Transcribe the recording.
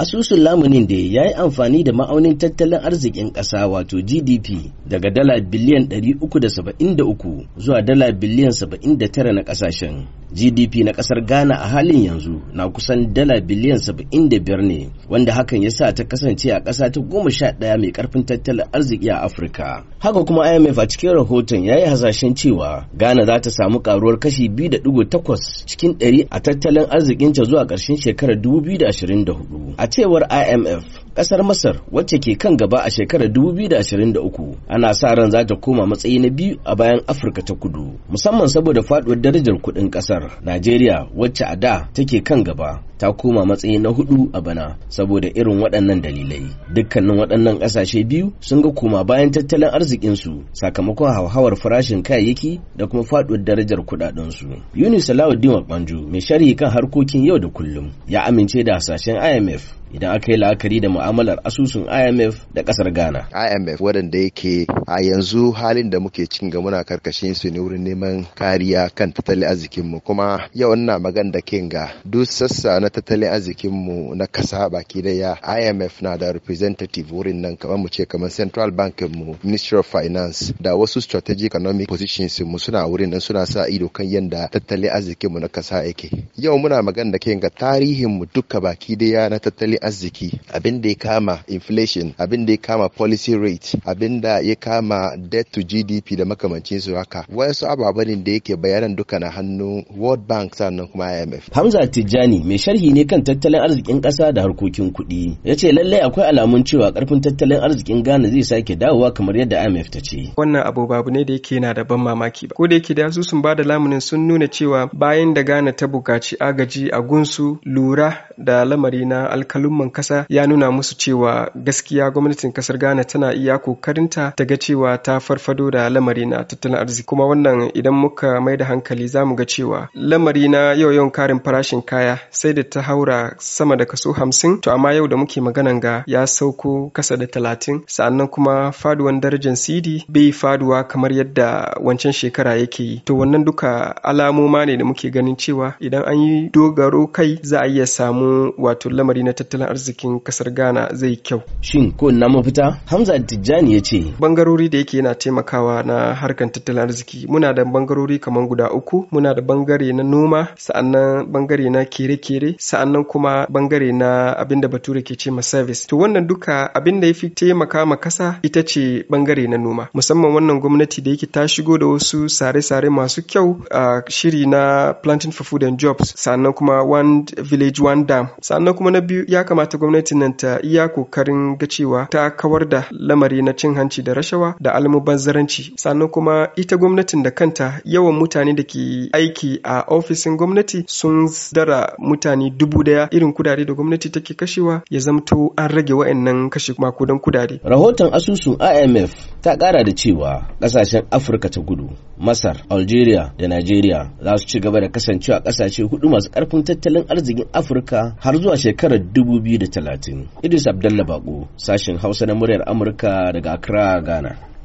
asusun lamunin da ya yi amfani da ma'aunin tattalin arzikin ƙasa wato gdp daga dala biliyan 373 zuwa dala biliyan 79 na ƙasashen gdp na ƙasar ghana a halin yanzu na kusan dala biliyan 75 ne wanda hakan ya sa ta kasance a ƙasa ta goma sha ɗaya mai ƙarfin tattalin arziki a afirka haka kuma imf a cikin rahoton ya yi hasashen cewa ghana za ta samu karuwar kashi 2.8 cikin ɗari a tattalin arzikinta zuwa ƙarshen shekarar 2024 cewar IMF kasar Masar wacce ke kan gaba a shekarar 2023 ana sa ran za ta koma matsayi na biyu a bayan Afirka ta kudu musamman saboda faduwar darajar kudin kasar Najeriya wacce a da take kan gaba ta koma matsayi na hudu a bana saboda irin waɗannan dalilai dukkanin waɗannan ƙasashe biyu sun ga koma bayan tattalin arzikinsu sakamakon hauhawar farashin kayayyaki da kuma faduwar darajar kuɗaɗensu Yunus Salahuddin Wakbanju mai sharhi kan harkokin yau da kullum ya amince da hasashen IMF idan aka yi la'akari da mu'amalar asusun IMF da kasar Ghana. IMF waɗanda yake a yanzu halin da muke cikin ga muna karkashin su ne wurin neman kariya kan tattalin arzikin mu kuma yau na magan da kin ga duk sassa na tattalin arzikin mu na kasa baki ya. IMF na da representative wurin nan kamar mu ce kamar Central Bank mu Ministry of Finance da wasu strategic economic positions mu suna wurin nan suna sa ido kan yanda tattalin arzikin mu na kasa yake. Yau muna magana da kin ga tarihin mu duka baki ya na tattalin arziki abin da ya kama inflation abin da ya kama policy rate abin da ya kama debt to gdp da makamancin su haka wasu ababen da yake bayanan duka na hannu world bank sannan kuma imf hamza tijjani mai sharhi ne kan tattalin arzikin kasa da harkokin kuɗi ya ce lallai akwai alamun cewa karfin tattalin arzikin ghana zai sake dawowa kamar yadda imf ta ce wannan abu babu ne da yake na da ban mamaki ba ko da yake da sun ba da lamunin sun nuna cewa bayan da ghana ta bukaci agaji a gunsu lura da lamari na alkalu al'umman kasa ya nuna musu cewa gaskiya gwamnatin kasar Ghana tana iya kokarinta ta ga cewa ta farfado da lamari na tattalin arziki kuma wannan idan muka mai da hankali za mu ga cewa lamari na yau yawan karin farashin kaya sai da ta haura sama da kaso hamsin to amma yau da muke maganan ga ya sauko kasa da talatin sa'annan kuma faduwan darajar cd bai faduwa kamar yadda wancan shekara yake yi to wannan duka alamoma ne da muke ganin cewa idan an yi dogaro kai za a iya samu wato lamari na tattalin tattalin arzikin kasar Ghana zai kyau. Shin ko na mafita? Hamza Tijjani ya ce. Bangarori da yake yana taimakawa na harkar tattalin arziki muna da bangarori kamar guda uku muna da bangare na noma sa'annan bangare na kere-kere sa'annan kuma bangare na abinda bature ke ce ma service. To wannan duka abinda ya fi taimaka ma kasa ita ce bangare na noma musamman wannan gwamnati da yake ta shigo da wasu sare-sare masu kyau a shiri na planting for food and jobs sannan kuma one village one dam sannan kuma na biyu ya kamata gwamnatin nan ta iya kokarin ga cewa ta kawar da lamari na cin hanci da rashawa da almubazzaranci sannan kuma ita gwamnatin da kanta yawan mutane da ke aiki a ofishin gwamnati sun dara mutane dubu daya irin kudade da gwamnati take kashewa ya zamto an rage wa'annan kashe makudan kudade. Rahoton asusun IMF ta kara da cewa kasashen Afirka ta gudu, Masar, Algeria da Nigeria za su ci gaba da kasancewa kasashe hudu masu karfin tattalin arzikin Afirka har zuwa shekarar dubu 2030. Idris Abdallah Bako, sashen Hausa na muryar Amurka daga Accra, Ghana.